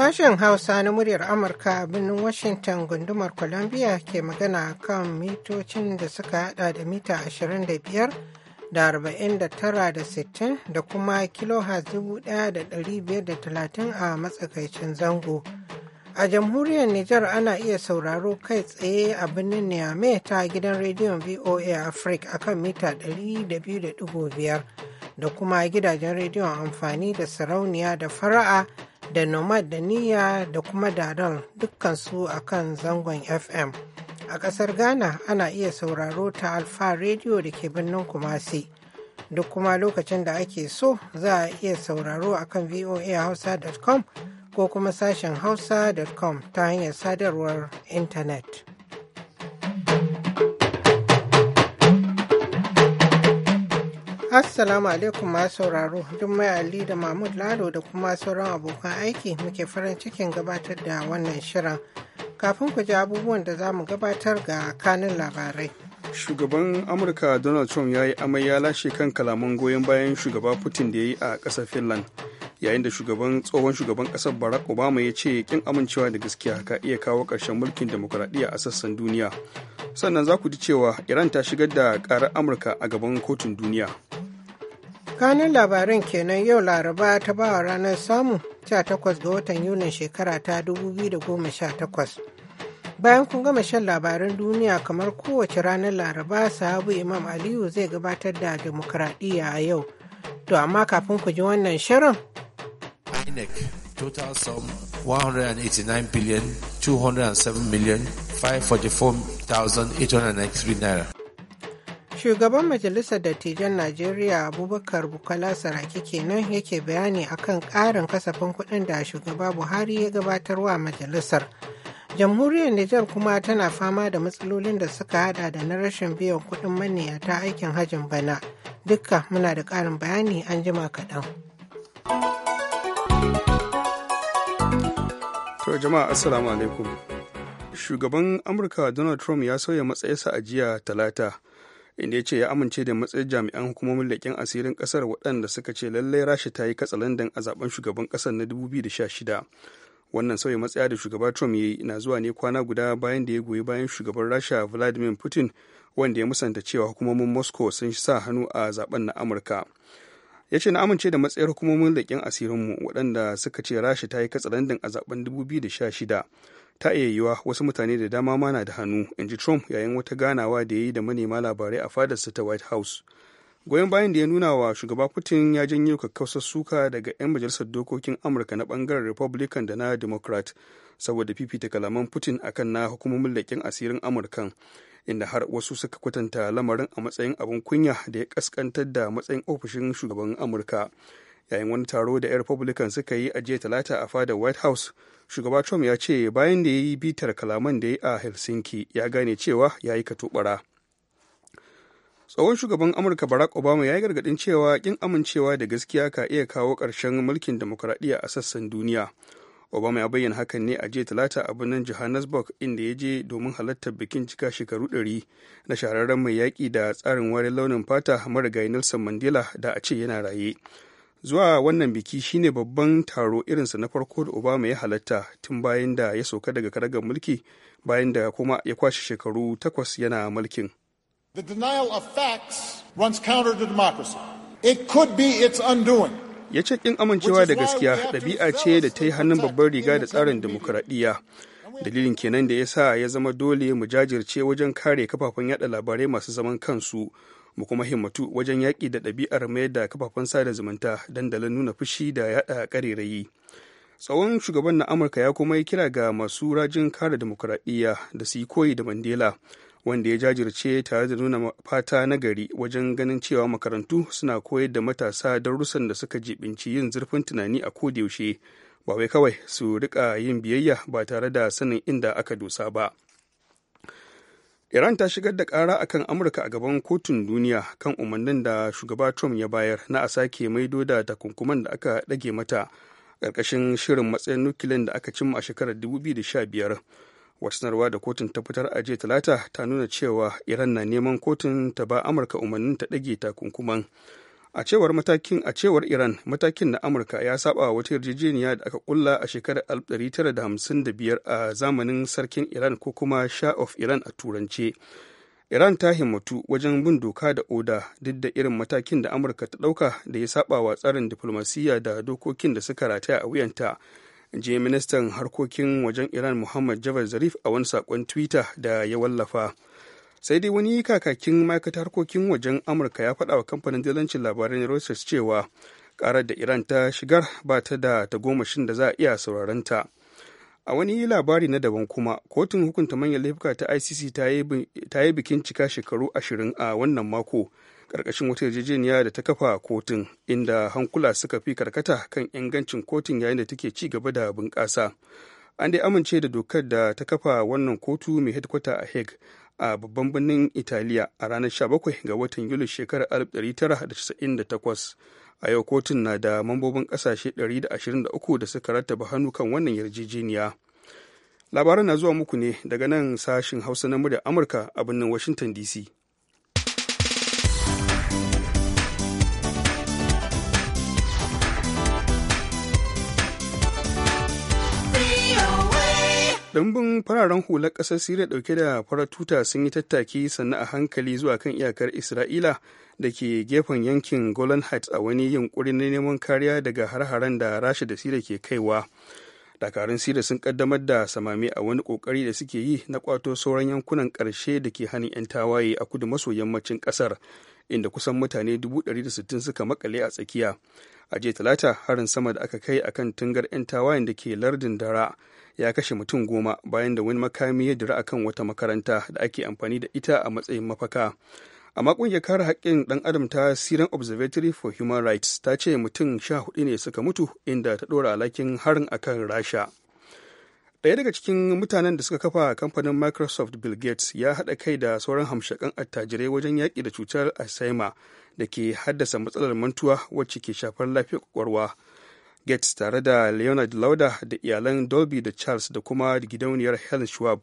Sashen Hausa na muryar Amurka a birnin Washington gundumar Columbia ke magana kan mitocin da suka hada da mita 25 da 49 da 60 da kuma kilohertz 1530 a matsakaicin zango. A jamhuriyar Nijar ana iya sauraro kai tsaye a birnin Niamey ta gidan rediyon VOA Africa akan mita 200.5 da kuma gidajen rediyon amfani da sarauniya da fara'a da nomad da niyya da kuma daral dukkansu a kan zangon fm a ƙasar ghana ana iya sauraro ta alfa radio da ke birnin kumasi duk kuma lokacin da ake so za a iya sauraro a kan voahausa.com ko kuma sashen hausa.com ta hanyar sadarwar intanet. Assalamu alaikum ma sauraro, Jummai Ali da Mahmud Lado da kuma sauran abokan aiki muke farin cikin gabatar da wannan shirin. Kafin ku ji abubuwan da za mu gabatar ga kanin labarai. Shugaban Amurka Donald Trump ya yi amai ya lashe kan kalaman goyon bayan shugaba Putin da ya yi a ƙasar Finland. Yayin da shugaban tsohon shugaban ƙasar Barack Obama ya ce kin amincewa da gaskiya ka iya kawo ƙarshen mulkin demokuraɗiyya a sassan duniya. Sannan za ku ji cewa Iran ta shigar da ƙarar Amurka a gaban kotun duniya. Kanin labaran kenan yau Laraba ta bawa ranar samu takwas ga watan Yunin shekara ta 2018. Bayan kun gama shan labaran duniya kamar kowace ranar Laraba, sahabu Imam Aliyu zai gabatar da demokradiyya a yau. To amma kafin ku ji wannan shirin. INEC total sum 189 billion 207 million 544,893 naira. Shugaban Majalisar Dattijan Najeriya Abubakar Bukola Saraki kenan yake bayani akan ƙarin kasafin kuɗin da shugaba Buhari ya gabatarwa majalisar. Jamhuriyar Nijar kuma tana fama da matsalolin da suka hada da na rashin biyan kuɗin ta aikin hajin bana. Dukka muna da ƙarin bayani an jima kaɗan. Shugaban Amurka Donald Trump ya sauya matsayinsa a jiya talata. inda ya ce ya amince da matsayin jami'an hukumomin leƙen asirin ƙasar waɗanda suka ce lallai rasha ta yi katsalandan a zaben shugaban ƙasar na 2016 wannan sauya matsaya da shugaba trump ya yi na zuwa ne kwana guda bayan da ya goyi bayan shugaban rasha vladimir putin wanda ya musanta cewa hukumomin moscow sun sa hannu a zaben na amurka ya ce na amince da matsayar hukumomin leƙen asirinmu waɗanda suka ce rasha ta yi katsalandan a zaben 2016 ta iya wasu mutane da dama ma na da hannu in ji trump yayin wata ganawa da ya yi da manema labarai a fadarsa ta white house goyon bayan da ya nuna wa shugaba putin ya janyo kakkausar suka daga 'yan majalisar dokokin amurka na bangaren republican da na democrat saboda fifita kalaman putin akan na hukumomin leƙen asirin amurkan inda har wasu suka kwatanta lamarin a matsayin abin kunya da ya kaskantar da matsayin ofishin shugaban amurka yayin wani taro da 'yan republican suka yi a jiya talata a fadar white house shugaba trump ya ce bayan da ya yi bitar kalaman da ya yi a helsinki ya gane cewa ya yi katubara tsohon shugaban amurka barack obama ya yi gargadin cewa kin amincewa da gaskiya ka iya kawo ƙarshen mulkin demokuraɗiyya a sassan duniya obama ya bayyana hakan ne a jiya talata a birnin johannesburg inda ya je domin halartar bikin cika shekaru 100 na shahararren mai yaƙi da tsarin warin launin fata marigayi nelson mandela da a ce yana raye zuwa wannan biki shine babban taro irinsa na farko da obama ya halatta tun bayan da ya sauka daga karagar mulki bayan da kuma ya kwashe shekaru takwas yana mulkin The denial of facts runs counter to democracy. It could be its undoing. Ya ce ƙin amincewa da gaskiya ɗabi'a ce da ta yi hannun babbar riga da tsarin demokuraɗiyya. Dalilin kenan da ya sa ya zama dole mu jajirce wajen kare kafafen yada labarai masu zaman kansu mu kuma himmatu wajen yaƙi da ɗabi'ar mayar da kafafen sada zumunta dandalin nuna fushi da yaɗa ƙarerayi tsawon shugaban na amurka ya kuma yi kira ga masu rajin kare demokuraɗiyya da su yi koyi da mandela wanda ya jajirce tare da nuna fata na gari wajen ganin cewa makarantu suna koyar da matasa don darussan da suka jibinci yin zurfin tunani a kodayaushe ba wai kawai su rika yin biyayya ba tare da sanin inda aka dosa ba. Iran ta shigar da ƙara akan Amurka a gaban kotun duniya kan umarnin da shugaba Trump ya bayar na a sake maido da takunkuman da aka ɗage mata ƙarƙashin shirin matsayin nukilin da aka cimma a shekarar 2015. wasanarwa sanarwa da kotun ta fitar a jiya talata ta nuna cewa Iran na neman kotun ta ba Amurka umarnin ta ɗage takunkuman. a cewar matakin a cewar iran matakin na amurka ya saba wata yarjejeniya da aka kulla a shekarar 1955 a zamanin sarkin iran ko kuma sha of iran a turance iran ta himmatu wajen bin doka da oda duk da irin matakin da amurka ta dauka da ya saba wa tsarin diflomasiyya da dokokin da suka rataya a wuyanta je ministan harkokin wajen iran muhammad javad zarif a wani sakon twitter da ya wallafa sai dai wani kakakin ma'aikatar harkokin wajen amurka ya faɗa wa kamfanin dalancin labaran reuters cewa ƙarar da iran ta shigar ba ta da tagomashin da za a iya sauraron ta a wani labari na daban kuma kotun hukunta manyan laifuka ta icc ta yi bikin cika shekaru ashirin a wannan mako karkashin wata yarjejeniya da ta kafa kotun inda hankula suka fi karkata kan ingancin kotun yayin da take ci gaba da bunƙasa an dai amince da dokar da ta kafa wannan kotu mai hedkwata a hague a babban birnin italiya a ranar 17 ga watan yuli shekarar 1998 a yau kotun na da mambobin kasashe 123 da suka rattaba hannu kan wannan yarjejeniya labaran na zuwa muku ne daga nan sashin hausa na murya amurka a birnin washington dc dambun fararen hular ƙasar siriya ɗauke da farar tuta sun yi tattaki sannan a hankali zuwa kan iyakar isra'ila da ke gefen yankin golan heights a wani yunkuri na neman kariya daga har-haren da rasha da siriya ke kaiwa dakarun siriya sun ƙaddamar da samami a wani kokari da suke yi na ƙwato sauran yankunan ƙarshe da ke hannun 'yan tawaye a kudu maso yammacin ƙasar inda kusan mutane 160 suka makale a tsakiya a jiya talata harin sama da aka kai akan tungar 'yan tawayen da ke lardin dara ya kashe mutum goma bayan da wani makami ya dira akan wata makaranta da ake amfani da ita a matsayin mafaka amma ya kare haƙƙin ɗan adam ta siren observatory for human rights ta ce mutum sha hudu ne suka mutu inda ta ɗora alakin harin akan rasha ɗaya daga cikin mutanen da suka kafa kamfanin microsoft bill gates ya haɗa kai da sauran hamshakan attajirai wajen yaƙi da cutar alzheimer da ke haddasa matsalar mantuwa wacce ke shafar lafiyar ƙwaƙwalwa gates tare da leonard lauda da iyalan dolby da charles da kuma gidauniyar helen schwab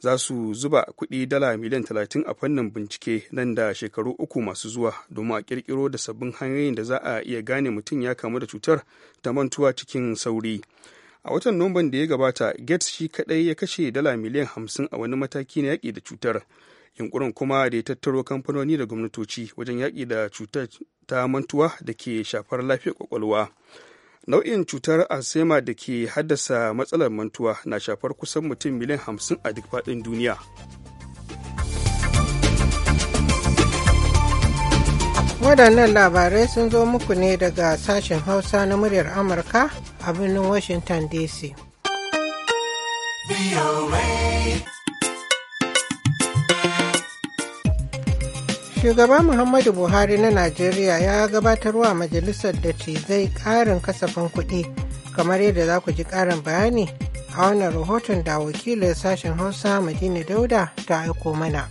za su zuba kuɗi dala miliyan 30 a fannin bincike nan da shekaru uku masu zuwa domin a ƙirƙiro da sabbin hanyoyin da za a iya gane mutum ya kamu da cutar ta mantuwa cikin sauri a watan nomban da ya gabata gates shi kaɗai ya kashe dala miliyan 50 a wani mataki na yaƙi da cutar yunkurin kuma da ya tattaro kamfanoni da gwamnatoci wajen yaƙi da cutar ta mantuwa da ke shafar lafiyar kwakwalwa nau'in cutar alzheimer da ke haddasa matsalar mantuwa na shafar kusan mutum miliyan hamsin a duk faɗin duniya waɗannan labarai sun zo muku ne daga sashen hausa na muryar amurka a birnin washington dc Shugaba Muhammadu Buhari na Najeriya ya gabatarwa majalisar da ce zai ƙarin kasafin kuɗi kamar yadda za ku ji karin bayani a wannan rahoton da wakilin sashen Hausa Madina Dauda ta aiko mana.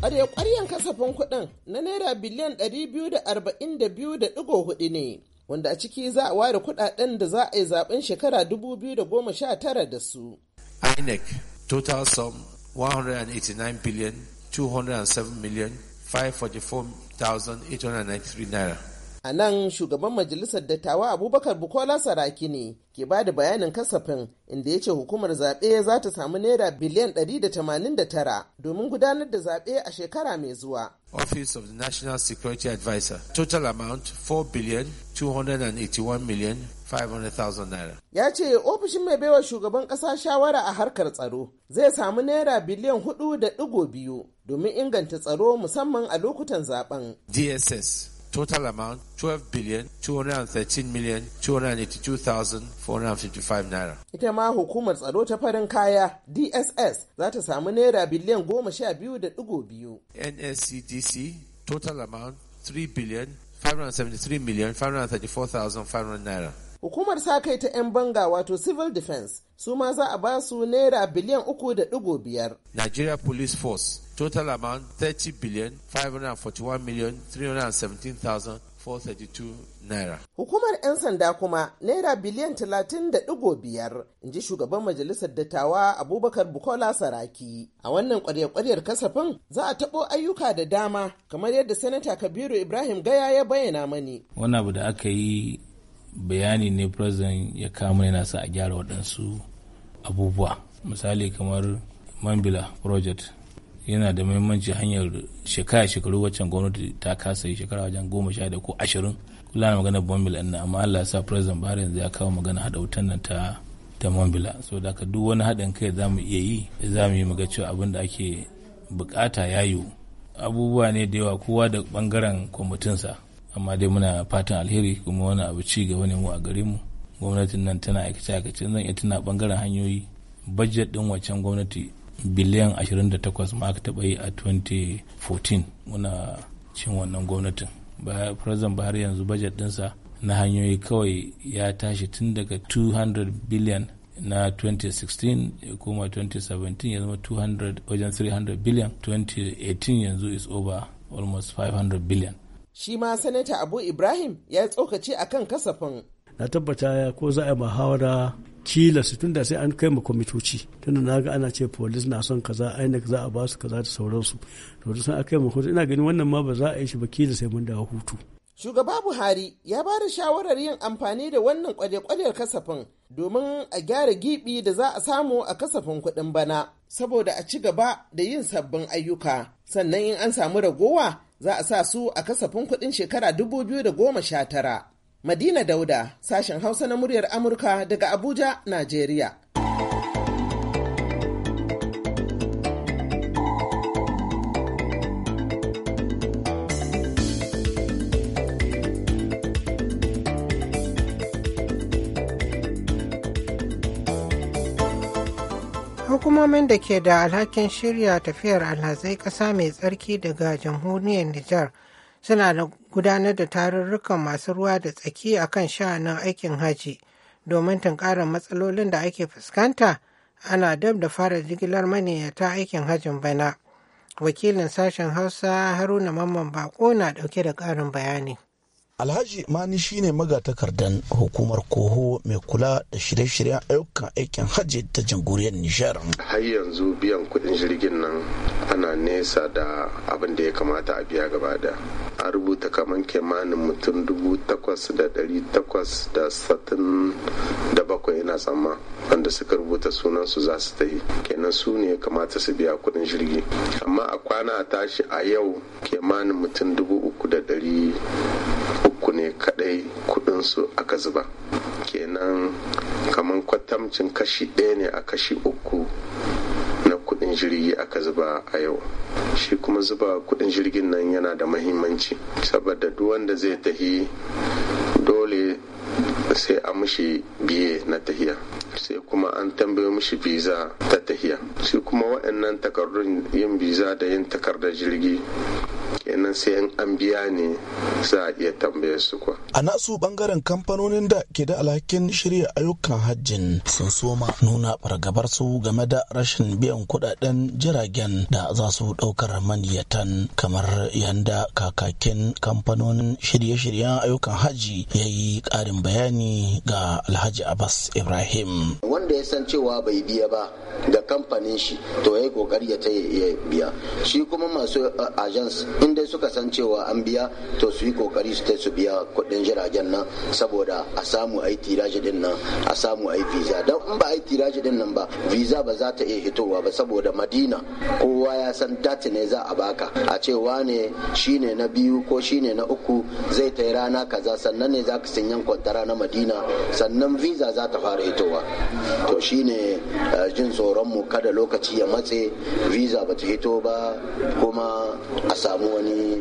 Ƙwarya-ƙwaryen kasafin kuɗin na Naira biliyan 242.4 ne, wanda a ciki za a ware kuɗaɗen da za a yi zaɓen shekara 2019 da su. INEC total sum 189 billion 207 million 544,893 naira. A nan shugaban majalisar dattawa Abubakar Bukola Saraki ne ke ba da bayanin kasafin inda ya ce hukumar zaɓe za ta samu naira biliyan 189 domin gudanar da zaɓe a shekara mai zuwa. Office of the National Security Advisor total amount 4 billion 281 million 500,000 naira. Ya ce ofishin mai baiwa shugaban ƙasa shawara a harkar tsaro zai samu naira biliyan 4.2 domin inganta tsaro musamman a lokutan zaben. DSS total amount 12 billion 213 million 282,455 naira. Ita ma hukumar tsaro ta farin kaya DSS za ta samu naira biliyan goma sha biyu da digo biyu. NSCDC total amount 3 billion 573 million 534,500 naira. Hukumar sa kai ta 'yan banga wato civil defense su ma za a ba su naira biliyan uku da digo biyar. Nigeria Police Force total amount 30 billion 541 million 317,000 naira. Hukumar 'yan sanda kuma naira biliyan talatin da biyar, in ji shugaban majalisar dattawa Abubakar Bukola Saraki. A wannan ƙwarya-ƙwaryar kasafin za a taɓo ayyuka da dama kamar yadda Sanata Kabiru Ibrahim Gaya ya bayyana mani. Wani abu da aka yi bayani ne president ya kama yana sa a gyara waɗansu abubuwa misali kamar mambila project yana da muhimmanci hanyar shekara shekaru waccan gwamnati ta kasa yi shekara wajen goma sha da ko ashirin kula na magana bambila ina amma allah ya sa president bahar yanzu ya kawo magana haɗa wutan nan ta ta mambila so da ka duk wani haɗin kai za mu iya yi za mu yi muga cewa abin da ake bukata ya yiwu abubuwa ne da yawa kowa da bangaren kwamitinsa amma dai muna fatan alheri kuma wani abu ci gaba ne mu a gare mu gwamnatin nan tana aikace aikace zan iya tana bangaren hanyoyi budget din wancan gwamnati biliyan 28 ma aka taba yi a 2014 muna cin wannan gwamnatin ba bahar yanzu budget dinsa na hanyoyi kawai ya tashi tun daga 200 biliyan na 2016 ya koma 2017 ya zama 200 wajen 300 biliyan 2018 yanzu is over almost 500 biliyan Shi ma Sanata Abu Ibrahim ya tsokace a kan kasafin. Na tabbata ko za a yi kila su tunda sai an kai ma kwamitoci tunda na ga ana ce polis na son kaza INEC za a ba su kaza da sauransu to da sun aka yi hutu ina ganin wannan ma ba za a yi shi ba kila sai mun dawo hutu shugaba buhari ya ba da shawarar yin amfani da wannan kwale-kwalen kasafin domin a gyara gibi da za a samu a kasafin kuɗin bana saboda a ci gaba da yin sabbin ayyuka sannan in an samu ragowa za a sa su a kasafin kuɗin shekara 2019. Madina Dauda, sashen Hausa na muryar Amurka daga Abuja, Najeriya. Hukumomin da ke da alhakin shirya tafiyar alhazai ƙasa mai tsarki daga jamhuriyar Nijar suna gudanar da tarurrukan masu ruwa da tsaki a kan sha'anin aikin haji domin tunkarar matsalolin da ake fuskanta ana dab da fara jigilar maniyyata aikin hajin bana. Wakilin sashen Hausa Haruna Mamman Bako na ɗauke da ƙarin bayani. Alhaji Mani shine magatakardan hukumar Koho mai kula da shirye-shiryen ayyukan aikin hajji ta jamhuriyar Nijar. Har yanzu biyan kudin jirgin nan ana nesa da abin da ya kamata a biya gaba da. a rubuta kamar kimanin mutum dubu takwas da dari takwas da satin da bakwai yana tsamma wanda suka rubuta sunan su za su ta yi. kenan su ne ya kamata su biya kudin jirgi amma a kwana a tashi a yau kimanin mutum dubu uku da dari uku ne kadai kudin su aka zuba kenan kamar kwatamcin kashi ɗaya ne a kashi uku kuɗin jirgi aka zuba a yau shi kuma zuba kudin jirgin nan yana da mahimmanci saboda duk wanda zai tahi dole sai a mushi biye na tahiya sai kuma an tambaye mushi biza ta tahiya shi kuma waɗannan takardun yin biza da yin takardar jirgi wa'annan sai an biya ne za a iya tambaya su kuwa. a nasu bangaren kamfanonin da ke da alhakin shirya ayyukan hajjin sun soma nuna fargabar su game da rashin biyan kudaden jiragen da za su daukar maniyatan kamar yanda kakakin kamfanonin shirye-shiryen ayyukan hajji ya yi karin bayani ga alhaji abbas ibrahim wanda ya san cewa bai biya ba da kamfanin shi to ya yi kokari ya ta biya shi kuma masu uh, agents inda dai suka san cewa an biya to su yi kokari su ta su biya kuɗin jiragen nan saboda a samu a yi tiraji din nan a samu a yi visa don in ba a yi tiraji din nan ba visa ba za ta iya hitowa ba saboda madina kowa ya san dati ne za a baka a ce wane ne na biyu ko shi ne na uku zai ta rana kaza sannan ne za ka sanyan kwantara na madina sannan visa za ta fara hitowa to shi ne eh, jin tsoron mu kada lokaci ya matse visa ba ta hito ba kuma a samu wani wani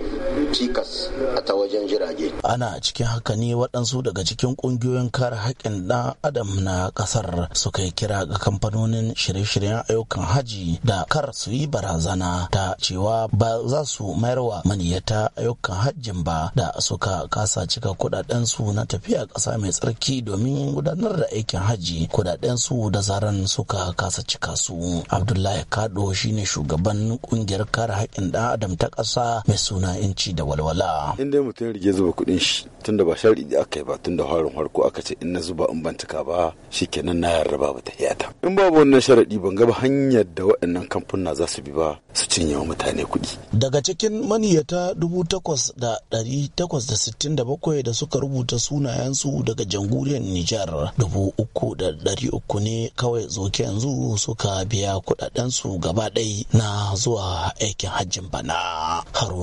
cikas a ta wajen jirage. Ana cikin haka ne waɗansu daga cikin ƙungiyoyin kare haƙƙin ɗan adam na ƙasar suka yi kira ga kamfanonin shirye-shiryen ayyukan haji da kar su yi barazana ta cewa ba za su mayar wa maniyata ayyukan hajjin ba da suka kasa cika kuɗaɗen su na tafiya ƙasa mai tsarki domin gudanar da aikin haji kuɗaɗen su da zaran suka kasa cika su. Abdullahi Kado shine shugaban ƙungiyar kare haƙƙin ɗan adam ta ƙasa mai suna yanci da walwala. In dai mutum rige zuba kuɗin shi tun da ba shari'i da aka yi ba tun da harin harko aka ce in na zuba in ban cika ba shi kenan na yarraba ba ta hiyata. In babu wannan sharaɗi ban gaba hanyar da waɗannan kamfuna za su bi ba su cinye wa mutane kuɗi. Daga cikin maniyata dubu takwas da ɗari takwas da sittin da bakwai da suka rubuta sunayensu daga jamhuriyar Nijar dubu uku da ɗari uku ne kawai zoke yanzu suka biya kuɗaɗensu gaba ɗai na zuwa aikin hajjin bana. Haruna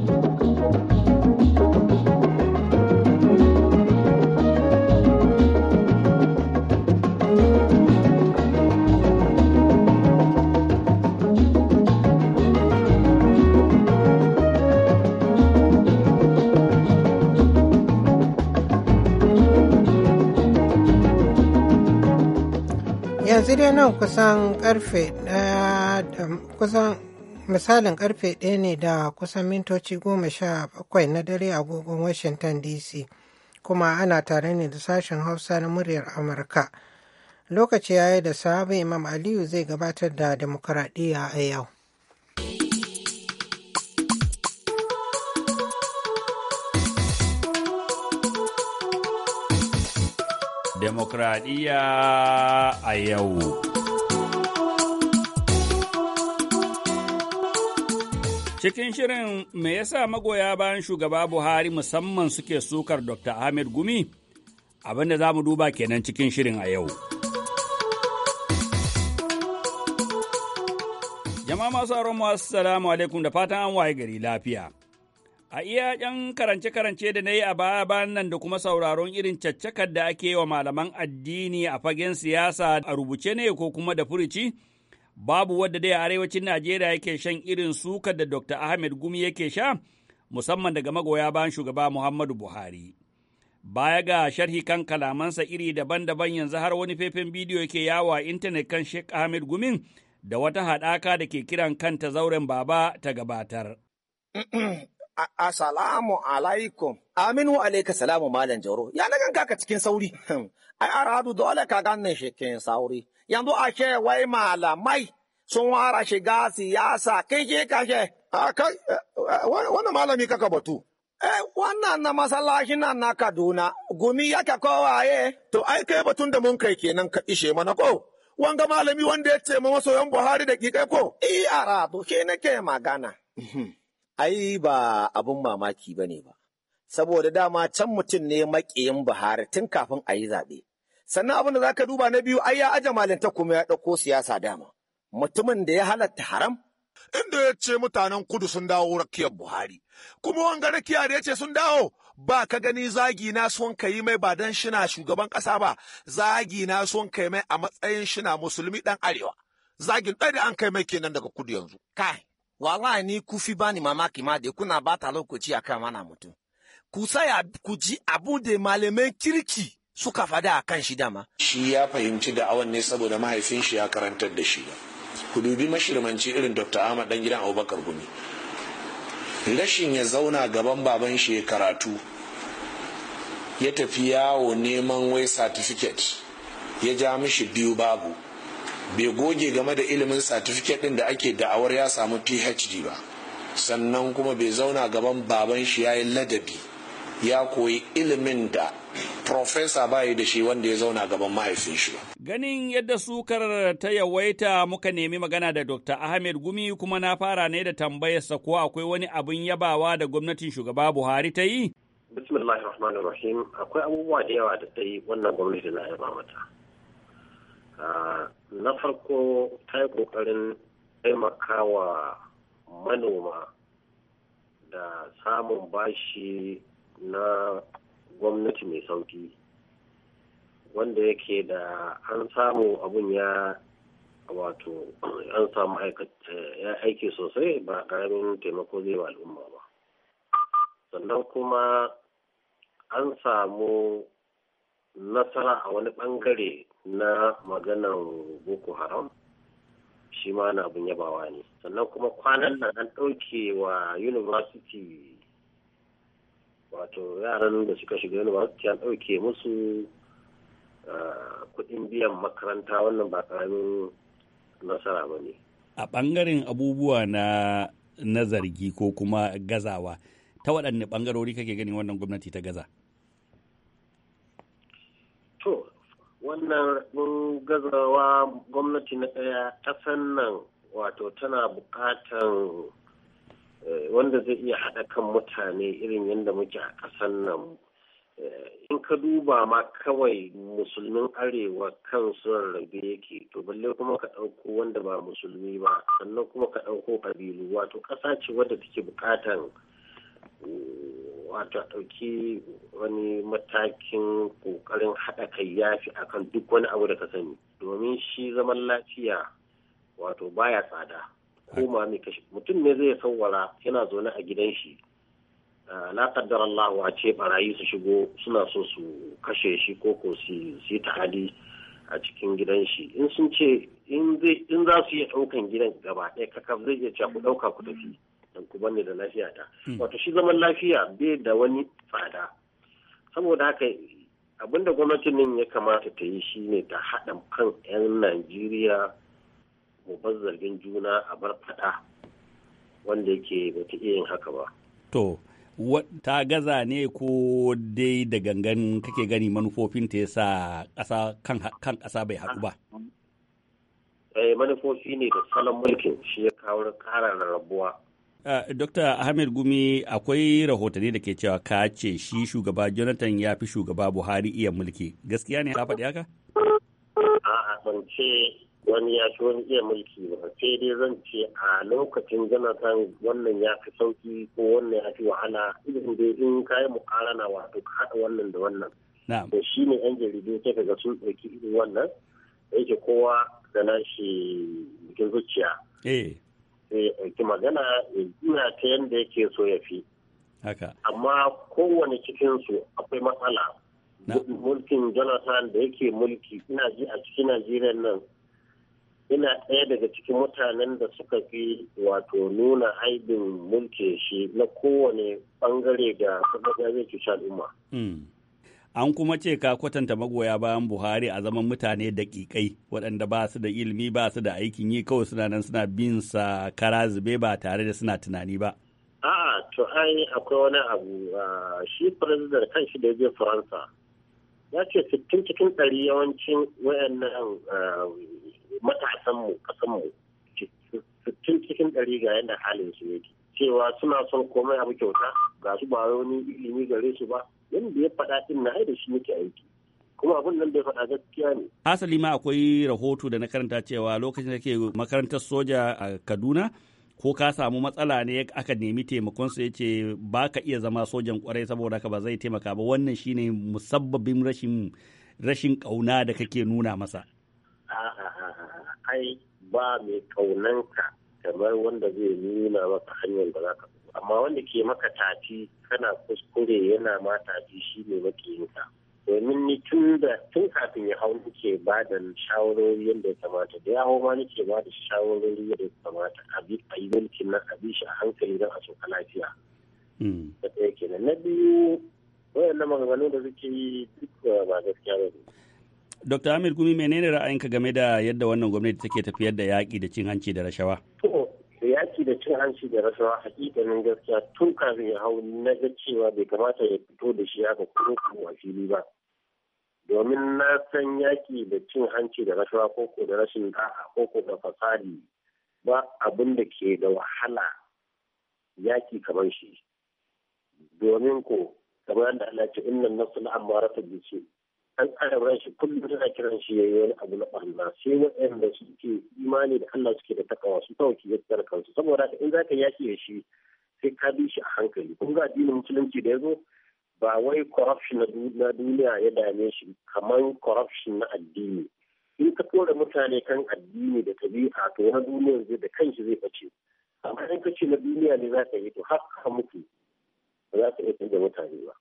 yanzu dai nan kusan karfe kusan misalin karfe ɗaya ne da kusan mintoci goma sha bakwai na dare a agogon washington dc kuma ana tare ne da sashen hausa na muryar amurka lokaci yayi da sahabu imam aliyu zai gabatar da demokuraɗiyya a yau demokradiyya a yau. Cikin shirin me yasa magoya bayan shugaba Buhari musamman suke sukar Dr. Ahmed Gumi? Abinda za mu duba kenan cikin shirin a yau. Jama'a masu aron mu assalamu alaikum da fatan an waye gari lafiya. A iya ɗan karance karance-karance da na yi a baya bayan nan da kuma sauraron irin caccakar da ake wa malaman addini a fagen siyasa a rubuce ne ko kuma da furuci, babu wadda dai a arewacin Najeriya yake shan irin sukar da Dr. Ahmed Gumi yake sha, musamman daga magoya bayan shugaba Muhammadu Buhari. Baya ga sharhi kan kalamansa iri daban-daban yanzu har wani faifin bidiyo yake yawo a intanet kan Sheikh Ahmed Gumin da wata haɗaka da ke kiran kanta zauren baba ta gabatar. assalamu alaikum aminu alaika salamu malam jaro ya na ganka ka cikin sauri hmm. ai aradu dole ka gane shi cikin sauri yanzu ashe wai malamai sun wara shiga siyasa kai ke kashe eh, eh, wannan malami kaka batu Eh, wannan na masallaci nan na Kaduna, gumi yake kowaye, to ai kai batun da mun kai kenan ka ishe mana ko? Wanga malami wanda ya ce ma masoyan Buhari da kikai ko? Eh, shi ne ke nake magana. Mhm. ai ba abin mamaki ba ne ba. Saboda dama can mutum ne maƙiyin Buhari tun kafin a yi zaɓe. Sannan abin da za ka duba na biyu ai ya aje malinta kuma ya ɗauko siyasa dama. Mutumin da ya halatta haram. Inda ya ce mutanen kudu sun dawo rakiyar Buhari. Kuma wanga rakiya da ya ce sun dawo ba ka gani zagi na son ka yi mai ba don shina shugaban ƙasa ba zagi na son ka yi mai a matsayin shina musulmi ɗan arewa. Zagin ɗaya da an kai mai kenan daga kudu yanzu. Kai. wallahi ni kufi bani mamaki ma da kuna bata lokaci akan mana mutum ku saya ku ji abun da malaman kirki suka fada a kan shi dama. Shi ya fahimci awan ne saboda mahaifin shi ya karantar da shi ba. Ku dubi mashirmanci irin Dr. Ahmad dan gidan Abubakar Gumi. Rashin ya zauna gaban baban shi ya karatu ya tafi yawo neman wai certificate ya ja mishi biyu babu. bai goge game da ilimin satifiket din da ake da'awar ya samu phd ba sannan kuma bai zauna gaban baban shi yayin ladabi ya koyi ilimin da profesa bayi da shi wanda ya zauna gaban mahaifin shi ganin yadda sukar ta yawaita muka nemi magana da dr ahmed gumi kuma na fara ne da tambayarsa ko akwai wani abin yabawa da gwamnatin shugaba buhari ta yi bismillahir rahmanir rahim akwai abubuwa da yawa da ta yi wannan gwamnati na yaba mata na farko ta yi ƙoƙarin taimakawa manoma da samun bashi na gwamnati mai sauki wanda yake da an samu abun ya wato an samu aiki sosai ba karamin taimako zai wa al'umma ba sannan kuma an samu nasara a wani ɓangare. na maganar boko haram shi ma na abin yabawa ne sannan kuma kwanan nan an ɗauke wa university wato yaran da suka shiga university an ɗauke musu ah, kuɗin biyan makaranta wannan ba ƙaramin nasara ba ne a ɓangaren abubuwa na nazargi ko kuma gazawa ta waɗanne ɓangarori kake ganin wannan gwamnati ta gaza wannan mun gazawa gwamnati na ɗaya ƙasar nan wato tana buƙatan eh, wanda zai iya haɗa kan mutane irin yadda muke a ƙasan nan eh, in ka duba ma kawai musulmin arewa kan rabe yake to balle kuma ka ɗauko wanda ba musulmi ba sannan kuma ka ɗauko kabilu wato ƙasa ce wadda take buƙatan wato a ɗauki wani matakin ƙoƙarin haɗa kai yafi akan duk wani abu da ka sani domin shi zaman lafiya wato baya tsada ko ma mai kashi mutum ne zai sauwara yana zaune a gidan shi la kaddar Allah a ce barayi su shigo suna so su kashe shi ko ko su yi ta'adi a cikin gidan shi in sun ce in za su yi ɗaukan gidan gaba ɗaya kakaf zai iya ku ɗauka ku tafi dan ku da lafiya ta hmm. wato shi zaman lafiya bai da wani tsada saboda haka abinda gwamnatin nan ya kamata ta yi shine ta haɗa kan 'yan najeriya babban zargin juna a bar fada wanda yake bata iya yin haka ba to ta gaza ne ko dai da gangan kake gani manufofin ta yasa ƙasa kan ƙasa bai haɗu ba eh, manufofi ne da salon mulkin shi ya kawo ƙara rabuwa. Uh, eh, Dr. Ahmed Gumi akwai rahotanni da ke cewa ka ce shi shugaba Jonathan ya fi shugaba Buhari iya mulki. Gaskiya ne ya faɗi haka? A'a ban ce wani ya fi wani iya mulki ba sai dai zan ce a lokacin Jonathan wannan ya fi sauki ko wannan ya fi wahala irin dai in kayi mukarana wato haɗa wannan da wannan. Da shi ne yan jaridu ta daga sun ɗauki irin wannan yake kowa da nashi bikin zuciya. Eh. sai ɗauki magana ya juya ta yadda yake so ya fi. Amma kowane cikinsu akwai matsala. Mulkin Jonathan da yake mulki ina ji a cikin Najeriya nan ina ɗaya daga cikin mutanen da suka fi wato nuna aibin mulke shi na kowane ɓangare da kuma zai cuci al'umma. Hmm. an kuma ce ka kwatanta magoya bayan buhari a zaman mutane da daƙiƙai waɗanda ba su da ilimi ba su da aikin yi kawai suna nan suna bin sa kara zube ba tare da suna tunani ba a'a to ai akwai wani abu shi president shi da zai faransa ya ce fitin cikin ɗari yawancin wayannan matasanmu kasanmu sittin cikin ɗari ga yadda halin su yake cewa suna son komai abu kyauta ga su ba wani ilimi gare su ba yadda ya faɗa din na da shi yake aiki kuma abin nan bai faɗa gaskiya ne. Asali ma akwai rahoto da na karanta cewa lokacin da ke makarantar soja a Kaduna ko ka samu matsala ne aka nemi taimakon su yace ba ka iya zama sojan kwarai saboda haka ba zai taimaka ba wannan shi ne musabbabin rashin rashin kauna da kake nuna masa. Ai ba mai kaunanka kamar wanda zai nuna maka hanyar da za ka amma wanda ke maka tafi kana kuskure yana ma tafi shi ne makiyinka domin ni tun da tun kafin ya hau nake ba da shawarori yadda ya kamata da ya hau ma nake ba da shawarori yadda ya kamata a bi a yi mulkin nan a bi shi a hankali don a soka lafiya. Da hmm. ɗaya kenan na biyu wayannan maganganu da suke yi duk ba gaskiya ba ne. Dr. Amir Gumi menene ra'ayinka game da yadda wannan gwamnati take tafiyar da yaƙi da cin hanci da rashawa? da yaƙi da cin hanci da rashawa hakikanin gaskiya tun kafin ya hau na ga cewa bai kamata ya fito da shi haka ko a fili ba. Domin na san yaƙi da cin hanci da rashawa ko ko da rashin da'a ko ko da fasadi ba abin da ke da wahala yaƙi kamar shi. Domin ko kamar yadda Allah ce innan nasu na amma rata an araba shi kullum suna kiran shi yi wani abu na ɓarna sai waɗanda suke imani da Allah suke da takawa su kawai ki yaskar kansu saboda in za ka yaki da shi sai ka bi shi a hankali kun ga addinin musulunci da ya zo ba wai corruption na duniya ya dame shi kamar corruption na addini in ka kore mutane kan addini da tabi'a to na duniya zai da kanshi zai bace amma in ka ce na duniya ne za ka yi to haka mutu ba za ka iya canza mutane ba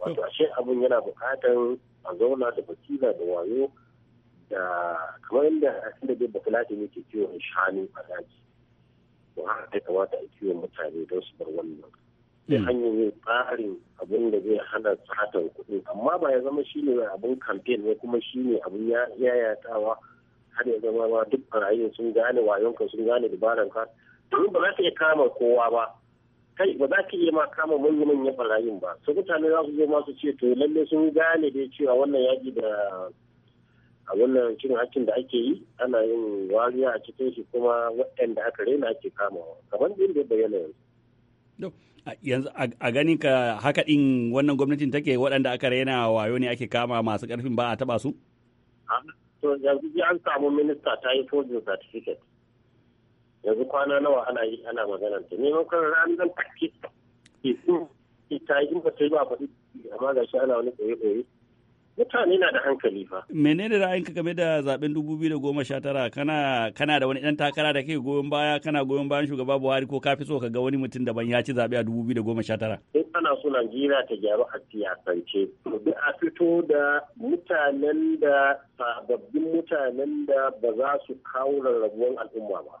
wato ashe abin yana bukatar a zauna da bakila da wayo da kamar yadda a cikin da bakulati ne ke kiwon shanu a daji to haka ta kamata a kiwon mutane don su bar wannan sai hmm. hanyoyin tsarin abin da zai hana satan kuɗi amma ba ya zama shine abin kamfen ne kuma shine abin yayatawa har ya zama ma duk barayin sun gane wayonka sun gane dabaran ka domin ba za ta iya kama kowa ba kai ba za ka iya ma kama manya-manyan barayin ba su mutane za su zo masu ce to lalle sun gane dai cewa wannan yaki da a wannan cin hakkin da ake yi ana yin wariya a cikin shi kuma waɗanda aka raina ake kama kamar ɗin da bayyana yanzu. yanzu a ganin ka haka ɗin wannan gwamnatin take waɗanda aka raina wayo ne ake kama masu ƙarfin ba a taɓa su? to yanzu an samu minista ta yi forging certificate yanzu kwana nawa ana yi ana magana ta neman kan ranar take ta yi ba yi ba faɗi amma ga ana wani ɓoye-ɓoye mutane na da hankali fa. Menene ra'ayinka game da zaben 2019 kana kana da wani dan takara da kake goyon baya kana goyon bayan shugaba Buhari ko kafi so ka ga wani mutum daban ya ci zabe a 2019? sai ana so Najeriya ta gyaru a siyasance, duk a fito da mutanen da sababbin mutanen da ba za su kawo rarrabuwan al'umma ba.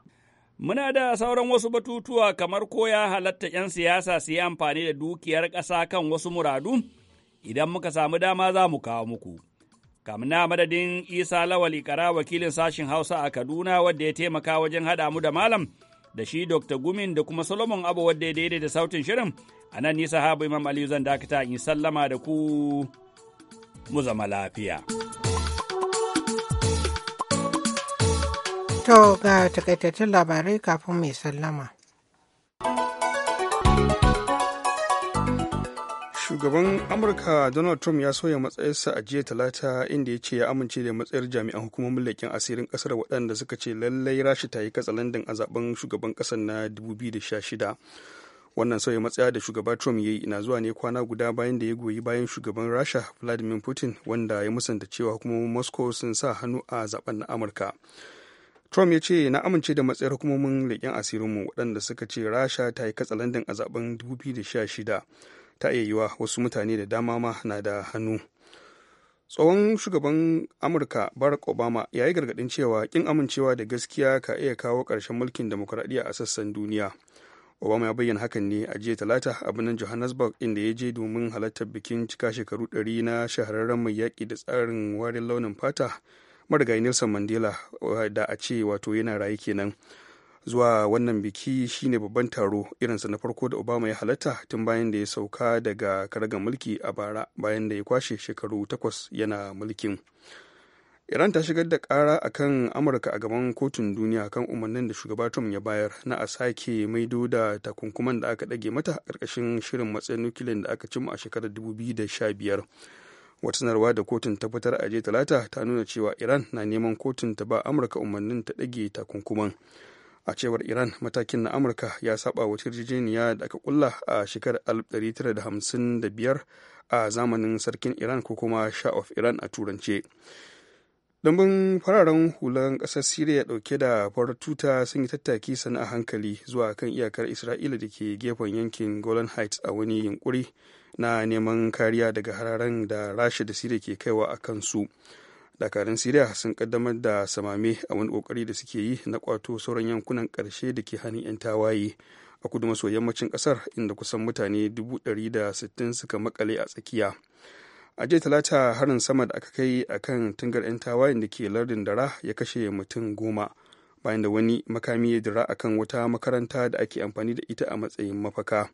Muna da sauran wasu batutuwa kamar ko ya halatta 'yan siyasa su yi amfani da dukiyar ƙasa kan wasu muradu, idan muka samu dama za mu kawo muku. Kamna madadin Isa Lawali Kara wakilin sashin Hausa a Kaduna wadda ya taimaka wajen haɗa mu da malam da shi Dr. Gumin da kuma Solomon Abu wadda ya daidai da sautin shirin a nan nisa habu Imam Aliyu zan dakata in sallama da ku mu zama lafiya. To ga takaitattun labarai kafin mai sallama. Shugaban Amurka Donald Trump ya soya matsayarsa a jiya talata inda ya ce ya amince da matsayar jami'an hukumomin mulkin asirin kasar waɗanda suka ce lallai rashi ta yi katsalandan a zaben shugaban kasar na 2016. wannan sauya matsaya da shugaba trump ya yi na zuwa ne kwana guda bayan da ya goyi bayan shugaban rasha vladimir putin wanda ya musanta cewa hukumomin moscow sun sa hannu a zaben na amurka Trump ya ce na amince da matsayar hukumomin leƙen asirinmu waɗanda suka ce Rasha ta yi katsalandan a zaben 2016 ta iya yiwa wasu mutane da dama ma na da hannu. Tsohon shugaban Amurka Barack Obama ya yi gargaɗin cewa kin amincewa da gaskiya ka iya kawo ƙarshen mulkin demokuraɗiyya a sassan duniya. Obama ya bayyana hakan ne a jiya Talata a birnin Johannesburg inda ya je domin halartar bikin cika shekaru ɗari na shahararren mai yaƙi da tsarin warin launin fata marigayi nelson mandela da a ce wato yana raye kenan zuwa wannan biki shine babban taro irinsa na farko da obama ya halatta tun bayan da ya sauka daga karagar mulki a bara bayan da ya kwashe shekaru takwas yana mulkin iran ta shigar da kara a kan amurka a gaban kotun duniya kan umarnin da shugaba trump ya bayar na a sake maido da takunkuman da aka dage mata karkashin shirin matsayin nukiliyar da aka cimma a shekarar 2015 wata sanarwa da kotun ta fitar a jiya talata ta nuna cewa iran na neman kotun ta ba amurka umarnin ta ɗage takunkuman a cewar iran matakin na amurka ya saba wa yarjejeniya da aka kulla a shekarar 1955 a zamanin sarkin iran ko kuma sha of iran a turance ɗumbin fararen hulan ƙasar siriya ɗauke da farar tuta sun yi tattaki sana a hankali zuwa kan iyakar isra'ila da ke gefen yankin golan heights a wani yunkuri na neman kariya daga hararen da rasha da siriya ke kaiwa a kansu dakarun siriya sun kaddamar da samame a wani kokari da suke yi na kwato sauran yankunan karshe da ke hannun 'yan tawaye a kudu maso yammacin kasar inda kusan mutane 160 suka makale a tsakiya a jiya talata harin sama da aka kai a kan tungar 'yan tawayen da ke lardin dara ya kashe mutum goma bayan da wani makami ya dira kan wata makaranta da ake amfani da ita a matsayin mafaka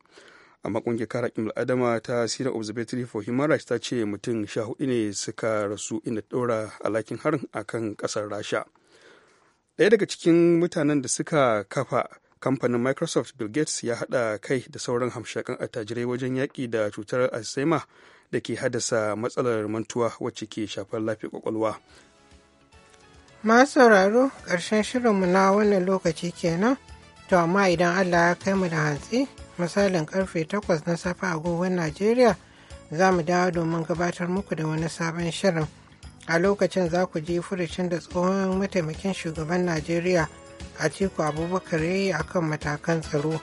amma kungiyar kare haƙƙin adama ta sira observatory for human rights ta ce mutum sha hudu ne suka rasu inda ɗora alakin harin a kan kasar rasha ɗaya daga cikin mutanen da suka kafa kamfanin microsoft bill gates ya haɗa kai da sauran hamshakan attajirai wajen yaƙi da cutar alzheimer da ke haddasa matsalar mantuwa wacce ke shafar lafiyar kwakwalwa ma sauraro ƙarshen shirinmu na wannan lokaci kenan to amma idan allah ya kai mu da hantsi misalin karfe 8 na safe a agogon Najeriya za mu dawo domin gabatar muku da wani sabon shirin. A lokacin za ku ji furucin da tsohon mataimakin shugaban Najeriya a ciku Abubakar yayi akan matakan tsaro.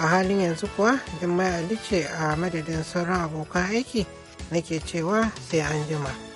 A halin yanzu kuwa Jummai Ali ce a madadin sauran abokan aiki nake cewa sai an jima.